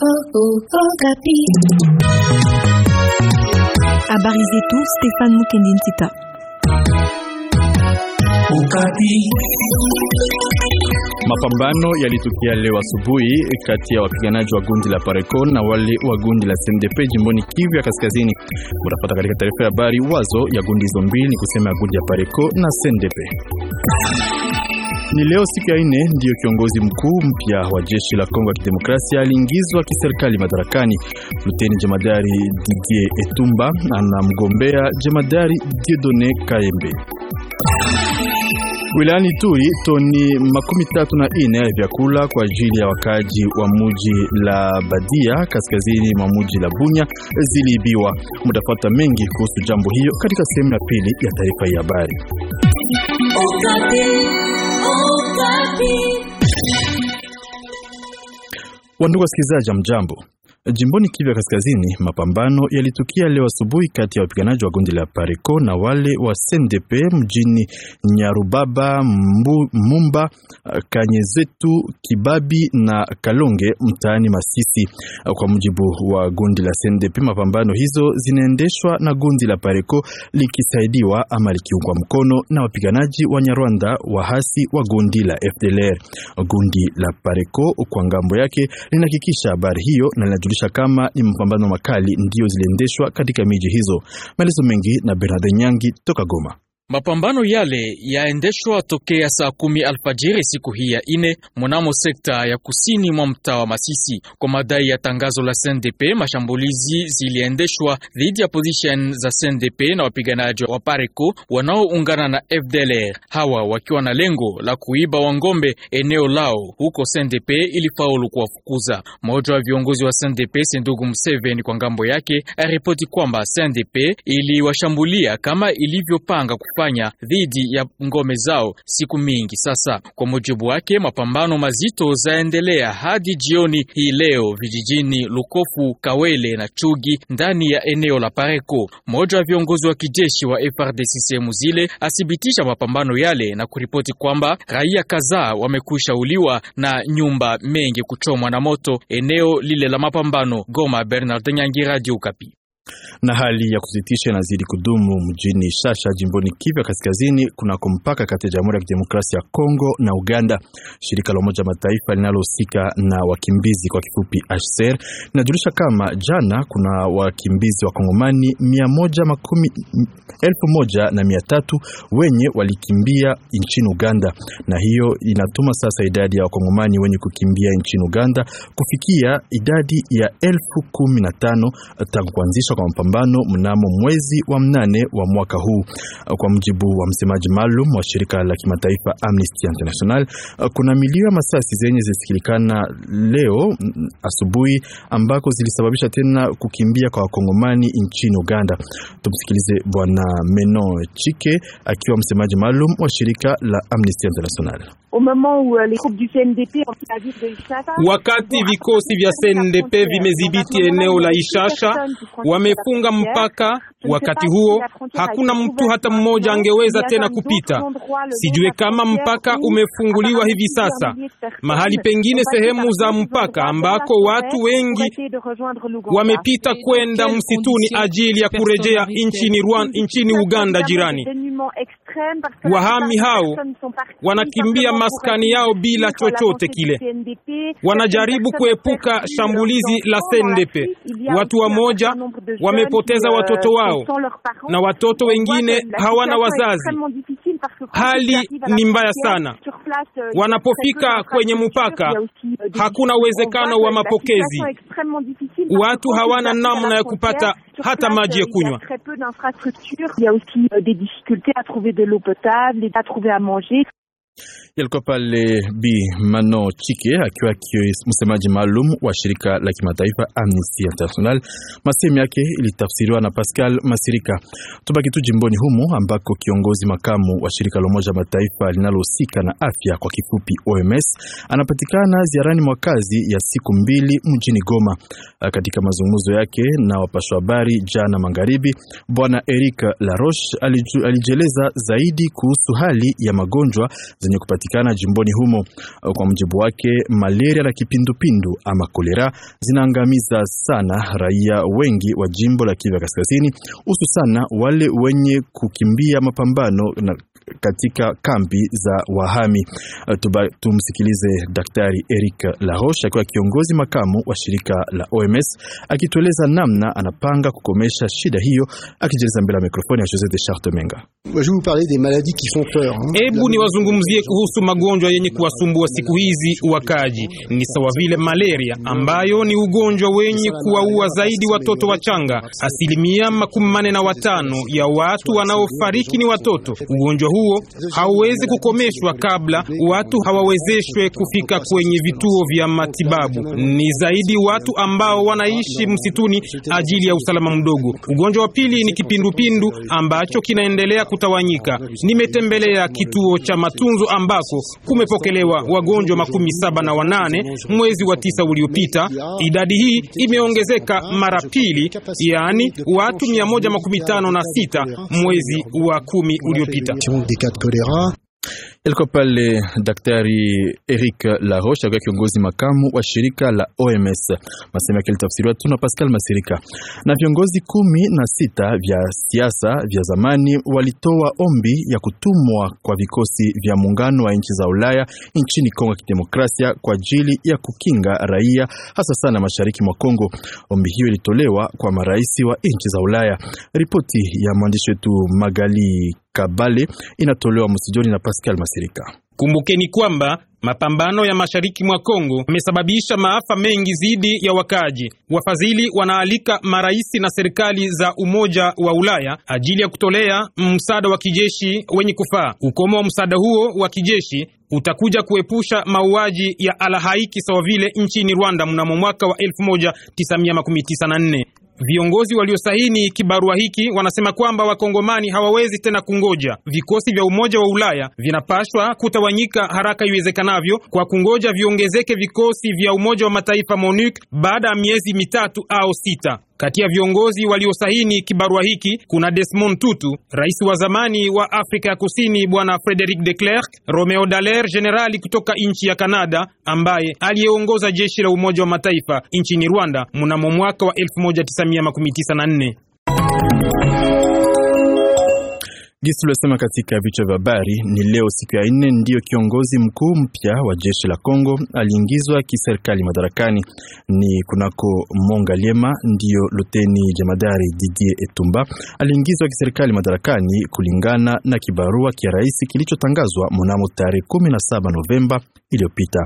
Oh, oh, oh, Habari zetu Stefan Mukendintita. Mapambano yalitukia leo asubuhi kati ya wapiganaji wa gundi la Pareco na wale wa gundi la CNDP jimboni Kivu ya Kaskazini. Unapata katika taarifa ya habari wazo ya gundi hizo mbili ni kusema ya gundi ya Pareco na CNDP. Ni leo siku ya nne ndiyo kiongozi mkuu mpya wa jeshi la Kongo ya Kidemokrasia aliingizwa kiserikali madarakani. Luteni jemadari Didier Etumba anamgombea jemadari diedone kaembe Wilayani Turi toni makumi tatu na ine ya vyakula kwa ajili ya wakaaji wa muji la Badia kaskazini mwa muji la Bunya ziliibiwa. Mutafuata mengi kuhusu jambo hiyo katika sehemu ya pili ya taarifa ya habari. Wandugu wasikilizaji, mjambo Jimboni Kivu Kaskazini, mapambano yalitukia leo asubuhi kati ya wapiganaji wa gundi la pareco na wale wa CNDP mjini Nyarubaba, Mbu, Mumba, Kanyezetu, Kibabi na Kalonge mtaani Masisi. Kwa mujibu wa gundi la CNDP, mapambano hizo zinaendeshwa na gundi la pareco likisaidiwa ama likiungwa mkono na wapiganaji wa Nyarwanda wahasi wa gundi la FDLR. Gundi la Pareko kwa ngambo yake linahakikisha habari hiyo na linajulisha kuonyesha kama ni mapambano makali ndiyo ziliendeshwa katika miji hizo. Maelezo mengi na Bernard Nyangi toka Goma. Mapambano yale yaendeshwa tokea saa kumi alfajiri siku hii ya ine mnamo sekta ya kusini mwa mtaa wa Masisi kwa madai ya tangazo la CNDP. Mashambulizi ziliendeshwa dhidi ya position za CNDP na wapiganaji wa Pareco wanaoungana na FDLR, hawa wakiwa na lengo la kuiba Wangombe eneo lao huko. CNDP ilifaulu kuwafukuza. Mmoja wa viongozi wa CNDP Sendugu Museveni kwa ngambo yake aripoti kwamba CNDP iliwashambulia kama ilivyopanga kufanya dhidi ya ngome zao siku mingi sasa. Kwa mujibu wake, mapambano mazito zaendelea hadi jioni hii leo vijijini Lukofu, Kawele na Chugi ndani ya eneo la Pareko. Mmoja wa viongozi wa kijeshi wa FRDC sehemu zile athibitisha mapambano yale na kuripoti kwamba raia kadhaa wamekwisha uliwa na nyumba mengi kuchomwa na moto eneo lile la mapambano. Goma, Bernard Nyangi, Radio Okapi na hali ya kusitisha inazidi kudumu mjini Shasha jimboni Kivu Kaskazini, kunako mpaka kati ya Jamhuri ya Kidemokrasia ya Kongo na Uganda. Shirika la Umoja Mataifa linalohusika na wakimbizi kwa kifupi HCR linajulisha kama jana kuna wakimbizi wa Kongomani elfu moja na mia tatu wenye walikimbia nchini Uganda, na hiyo inatuma sasa idadi ya Wakongomani wenye kukimbia nchini Uganda kufikia idadi ya elfu kumi na tano tangu kuanzishwa kutoka mapambano mnamo mwezi wa mnane wa mwaka huu. Kwa mjibu wa msemaji maalum wa shirika la kimataifa Amnesty International, kuna milio ya masasi zenye zilisikilikana leo asubuhi ambako zilisababisha tena kukimbia kwa wakongomani nchini Uganda. Tumsikilize Bwana meno Chike akiwa msemaji maalum wa shirika la Amnesty International. Wakati vikosi vya CNDP vimedhibiti eneo la Ishasha wame wamefunga mpaka. Wakati huo hakuna mtu hata mmoja angeweza tena kupita. Sijue kama mpaka umefunguliwa hivi sasa. Mahali pengine sehemu za mpaka ambako watu wengi wamepita kwenda msituni ajili ya kurejea nchini Rwanda, nchini Uganda jirani. Wahami hao wanakimbia maskani yao bila chochote kile, wanajaribu kuepuka shambulizi la CNDP. Watu wamoja wamepoteza watoto euh, wao na watoto wengine hawana wazazi. Hali ni mbaya sana. Euh, Wanapofika kwenye mpaka, euh, hakuna uwezekano wa mapokezi. Watu hawana namna ya kupata Ah, euh, il y a très peu d'infrastructures. Il y a aussi euh, des difficultés à trouver de l'eau potable et à trouver à manger. pale Bi Mano Chike akiwa msemaji maalum wa shirika la kimataifa Amnesty International. Masemi yake ilitafsiriwa na Pascal Masirika. Tubaki tu jimboni humo ambako kiongozi makamu wa shirika la Umoja Mataifa linalohusika na afya kwa kifupi OMS anapatikana ziarani mwa kazi ya siku mbili mjini Goma. Katika mazungumzo yake na wapasho habari jana magharibi, Bwana Eric Laroche alijieleza zaidi kuhusu hali ya magonjwa zenye kupatikana jimboni humo. Kwa mjibu wake, malaria na kipindupindu ama kolera zinaangamiza sana raia wengi wa jimbo la Kivu Kaskazini, hususan wale wenye kukimbia mapambano na katika kambi za wahami. Uh, tumsikilize Daktari Eric Laroche akiwa kiongozi makamu wa shirika la OMS akitueleza namna anapanga kukomesha shida hiyo, akijeleza mbele ya mikrofoni ya Jose de Charte Menga. Hebu niwazungumzie kuhusu magonjwa yenye kuwasumbua siku hizi wakaji, ni sawa vile malaria ambayo ni ugonjwa wenye kuwaua zaidi watoto wachanga. Asilimia makumi manne na watano ya watu wanaofariki ni watoto. Ugonjwa huu huo hauwezi kukomeshwa kabla watu hawawezeshwe kufika kwenye vituo vya matibabu. Ni zaidi watu ambao wanaishi msituni ajili ya usalama mdogo. Ugonjwa wa pili ni kipindupindu ambacho kinaendelea kutawanyika. Nimetembelea kituo cha matunzo ambako kumepokelewa wagonjwa makumi saba na wanane mwezi wa tisa uliopita. Idadi hii imeongezeka mara pili, yaani watu mia moja makumi tano na sita mwezi wa kumi uliopita cas de choléra. Elikopale Daktari Eric Laroche akiwa kiongozi makamu wa shirika la OMS, masema yake litafsiriwa tu na Pascal Masirika. Na viongozi kumi na sita vya siasa vya zamani walitoa ombi ya kutumwa kwa vikosi vya muungano wa nchi za Ulaya nchini Kongo ya Kidemokrasia kwa ajili ya kukinga raia hasa sana mashariki mwa Kongo. Ombi hiyo ilitolewa kwa marais wa nchi za Ulaya. Ripoti ya mwandishi wetu Magali Kabale inatolewa msijoni na Pascal Masirika. Kumbukeni kwamba mapambano ya mashariki mwa Kongo yamesababisha maafa mengi dhidi ya wakaaji Wafadhili wanaalika maraisi na serikali za Umoja wa Ulaya ajili ya kutolea msaada wa kijeshi wenye kufaa. Ukomo wa msaada huo wa kijeshi utakuja kuepusha mauaji ya alahaiki sawa vile nchini Rwanda mnamo mwaka wa 1994. Viongozi waliosaini kibarua hiki wanasema kwamba wakongomani hawawezi tena kungoja. Vikosi vya Umoja wa Ulaya vinapashwa kutawanyika haraka iwezekanavyo kwa kungoja viongezeke vikosi vya Umoja wa Mataifa MONUC baada ya miezi mitatu au sita. Kati ya viongozi waliosaini kibarua hiki kuna Desmond Tutu, rais wa zamani wa Afrika ya Kusini, bwana Frederic de Klerk, Romeo Dallaire, jenerali kutoka nchi ya Kanada ambaye aliyeongoza jeshi la Umoja wa Mataifa nchini Rwanda mnamo mwaka wa 1994. Gisi lilosema katika vichwa vya habari ni leo siku ya nne, ndiyo kiongozi mkuu mpya wa jeshi la Kongo aliingizwa kiserikali madarakani. Ni kunako Monga ndiyo luteni jamadari Didier Etumba aliingizwa kiserikali madarakani kulingana na kibarua kia rais kilichotangazwa mnamo tarehe 17 Novemba iliyopita.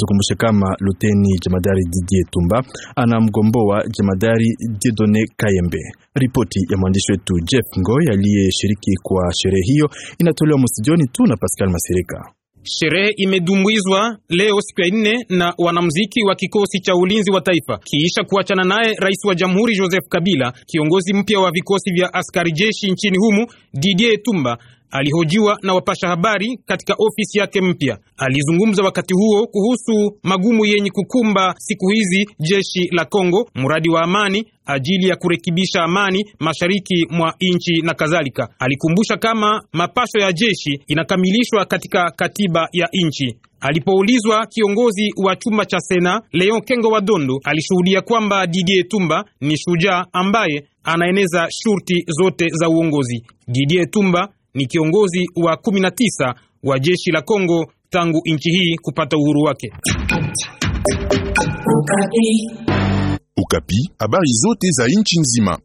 Tukumbushe kama luteni jemadari Didier Tumba anamgomboa jemadari Dieudonne Kayembe. Ripoti ya mwandishi wetu Jeff Ngoy aliyeshiriki kwa sherehe hiyo inatolewa msijoni tu na Pascal Masirika. Sherehe imedumbwizwa leo siku ya nne na wanamuziki wa kikosi cha ulinzi wa taifa kiisha kuachana naye rais wa jamhuri Joseph Kabila. Kiongozi mpya wa vikosi vya askari jeshi nchini humu Didier Tumba Alihojiwa na wapasha habari katika ofisi yake mpya. Alizungumza wakati huo kuhusu magumu yenye kukumba siku hizi jeshi la Kongo, mradi wa amani ajili ya kurekebisha amani mashariki mwa nchi na kadhalika. Alikumbusha kama mapasho ya jeshi inakamilishwa katika katiba ya nchi. Alipoulizwa, kiongozi wa chumba cha Sena Leon Kengo Wadondo alishuhudia kwamba Didier Tumba ni shujaa ambaye anaeneza shurti zote za uongozi. Didier Tumba ni kiongozi wa 19 wa jeshi la Kongo tangu nchi hii kupata uhuru wake. Ukapi, habari zote za nchi nzima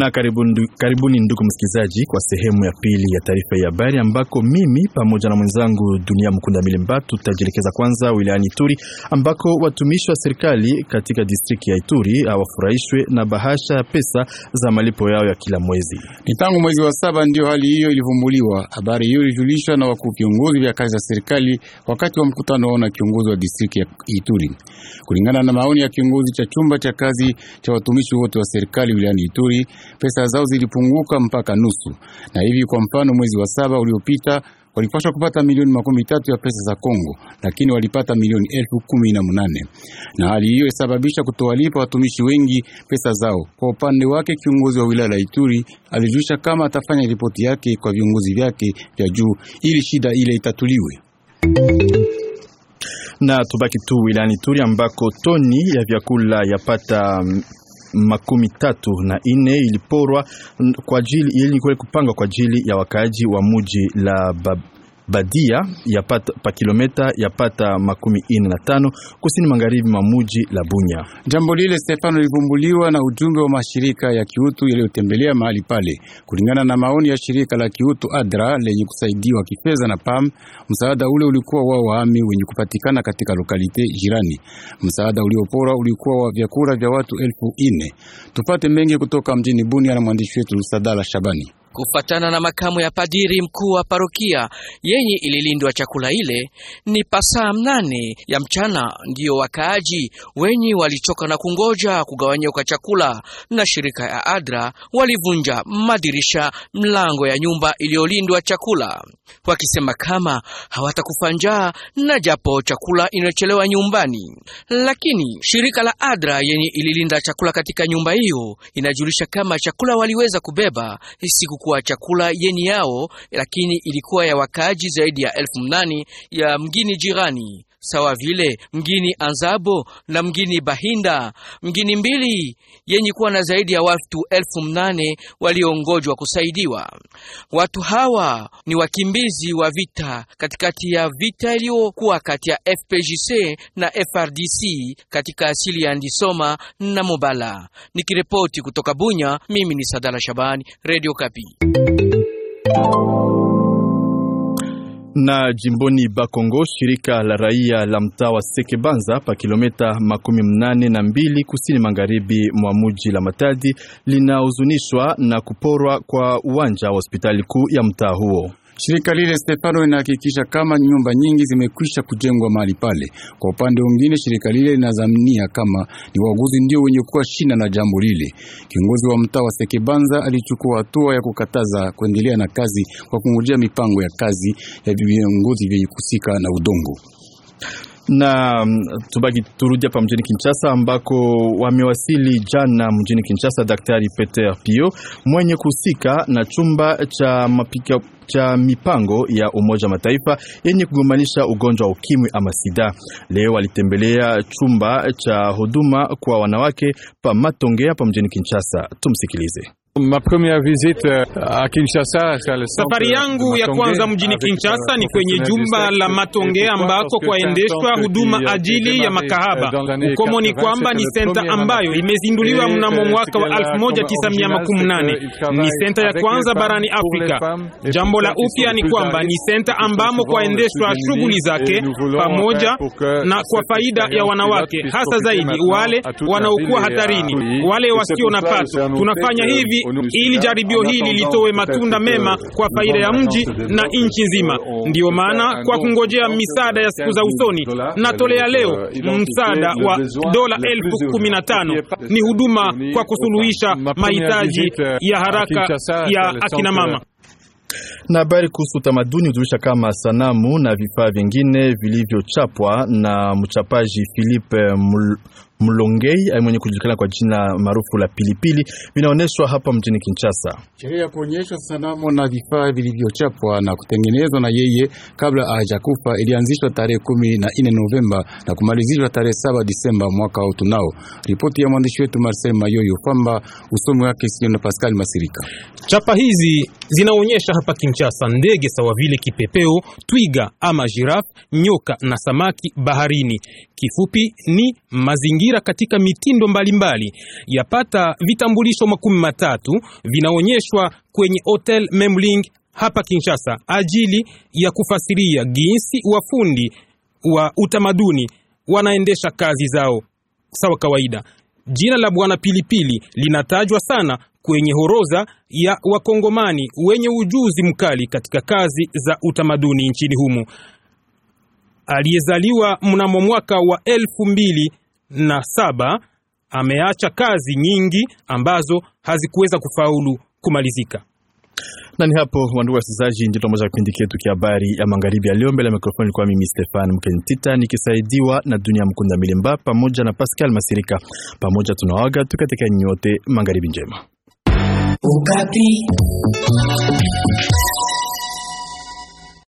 na karibuni, karibuni ndugu msikilizaji, kwa sehemu ya pili ya taarifa ya habari ambako mimi pamoja na mwenzangu Dunia Mkunda Milimba tutajielekeza kwanza wilayani Ituri ambako watumishi wa serikali katika distriki ya Ituri hawafurahishwe na bahasha ya pesa za malipo yao ya kila mwezi. Ni tangu mwezi wa saba ndio hali hiyo ilivumbuliwa. Habari hiyo ilijulishwa na wakuu viongozi vya kazi za serikali wakati wa mkutano wao na kiongozi wa distriki ya Ituri. Kulingana na maoni ya kiongozi cha chumba cha kazi cha watumishi wote wa serikali wilayani Ituri pesa zao zilipunguka mpaka nusu. Na hivi kwa mfano, mwezi wa saba uliopita walipaswa kupata milioni makumi tatu ya pesa za Kongo, lakini walipata milioni elfu kumi na munane na hali hiyo isababisha kutowalipa watumishi wengi pesa zao. Kwa upande wake, kiongozi wa wilaya la Ituri alijulisha kama atafanya ripoti yake kwa viongozi vyake vya juu ili shida ile itatuliwe na tubaki tu wilayani Turi ambako toni ya vyakula yapata makumi tatu na ine iliporwa kwa ajili ili kupanga kwa ajili ya wakaaji wa muji la bab badia yapata pa kilomita yapata makumi ine na tano kusini magharibi mwa muji la Bunya. Jambo lile Stefano livumbuliwa na ujumbe wa mashirika ya kiutu yaliyotembelea mahali pale. Kulingana na maoni ya shirika la kiutu Adra lenye kusaidiwa kifedha na PAM, msaada ule ulikuwa wa wahami wenye kupatikana katika lokalite jirani. Msaada uliopora ulikuwa wa vyakula vya watu elfu ine. Tupate mengi kutoka mjini Bunya na mwandishi wetu Sadala Shabani kufatana na makamu ya padiri mkuu wa parokia yenye ililindwa, chakula ile ni pasaa mnane ya mchana ndiyo wakaaji wenye walichoka na kungoja kugawanya kwa chakula na shirika ya ADRA walivunja madirisha mlango ya nyumba iliyolindwa chakula, wakisema kama hawatakufa njaa na japo chakula inachelewa nyumbani. Lakini shirika la ADRA yenye ililinda chakula katika nyumba hiyo inajulisha kama chakula waliweza kubeba siku kuwa chakula yeni yao, lakini ilikuwa ya wakaaji zaidi ya elfu mnane ya mgini jirani sawa vile mgini Anzabo na mgini Bahinda, mgini mbili yenye kuwa na zaidi ya watu elfu mnane waliongojwa kusaidiwa. Watu hawa ni wakimbizi wa vita katikati ya vita iliyokuwa kati ya FPJC na FRDC katika asili ya Ndisoma na Mobala. Nikiripoti kutoka Bunya, mimi ni Sadala Shabani, Radio Kapi. Na jimboni Bakongo, shirika la raia la mtaa wa Sekebanza pa kilomita makumi mnane na mbili kusini magharibi mwa muji la Matadi linahuzunishwa na kuporwa kwa uwanja wa hospitali kuu ya mtaa huo. Shirika lile Stefano linahakikisha kama nyumba nyingi zimekwisha kujengwa mahali pale. Kwa upande mwingine, shirika lile linazamnia kama ni waguzi ndio wenye kuwa shina na jambo lile. Kiongozi wa mtaa wa Sekebanza alichukua hatua ya kukataza kuendelea na kazi kwa kungojea mipango ya kazi ya viongozi vyenye kusika na udongo. Na mm, tubaki turudi hapa mjini Kinshasa ambako wamewasili jana mjini Kinshasa Daktari Peter Pio mwenye kuhusika na chumba cha mapika cha mipango ya Umoja Mataifa yenye kugombanisha ugonjwa wa ukimwi ama sida. Leo alitembelea chumba cha huduma kwa wanawake pa Matongea pa mjini Kinshasa. Tumsikilize. Ma première visite a euh, Kinshasa, safari yangu ya kwanza mjini Kinshasa ni kwenye jumba la Matonge ambako kwaendeshwa huduma ajili ya makahaba. Euh, Ukomo ni kwamba ni senta ambayo imezinduliwa mnamo mwaka wa 1918 ni senta ya kwanza barani Afrika. Jambo la upya ni kwamba ni senta ambamo kwaendeshwa shughuli zake pamoja na kwa faida ya wanawake, hasa zaidi wale wanaokuwa hatarini, wale wasio na pato. Tunafanya hivi ili jaribio hili litowe matunda mema kwa faida ya mji na nchi nzima. Ndiyo maana kwa kungojea misaada ya siku za usoni, natolea leo msaada wa dola elfu kumi na tano. Ni huduma kwa kusuluhisha mahitaji ya haraka ya akina mama na habari kuhusu utamaduni hujulisha kama sanamu na vifaa vingine vilivyochapwa na mchapaji Philippe Mlongei eh, mwenye kujulikana kwa jina maarufu la Pilipili vinaonyeshwa hapa mjini Kinshasa. Sherehe ya kuonyesha sanamu na vifaa vilivyochapwa na kutengenezwa na yeye kabla hajakufa ilianzishwa tarehe kumi na nne Novemba na kumalizishwa tarehe saba Disemba mwaka huu. Tunao Ripoti ya mwandishi wetu Marcel Mayoyo kwamba usomi wake sio na Pascal Masirika. Chapa hizi zinaonyesha hapa Kinshasa ndege sawa vile kipepeo, twiga ama jirafu, nyoka na samaki baharini. Kifupi ni mazingira ajira katika mitindo mbalimbali. Yapata vitambulisho makumi matatu vinaonyeshwa kwenye Hotel Memling hapa Kinshasa ajili ya kufasiria jinsi wafundi wa utamaduni wanaendesha kazi zao sawa kawaida. Jina la Bwana Pilipili linatajwa sana kwenye horoza ya wakongomani wenye ujuzi mkali katika kazi za utamaduni nchini humo. Aliyezaliwa mnamo mwaka wa elfu mbili na saba ameacha kazi nyingi ambazo hazikuweza kufaulu kumalizika na ni hapo wandugu wasikilizaji, ndio tunamaliza kipindi chetu cha habari ya magharibi ya leo. Mbele ya mikrofoni ilikuwa mimi Stefan Mkentita nikisaidiwa na Dunia Mkunda Milimba pamoja na Pascal Masirika. Pamoja tunawaaga tukatika nyote, magharibi njema ukati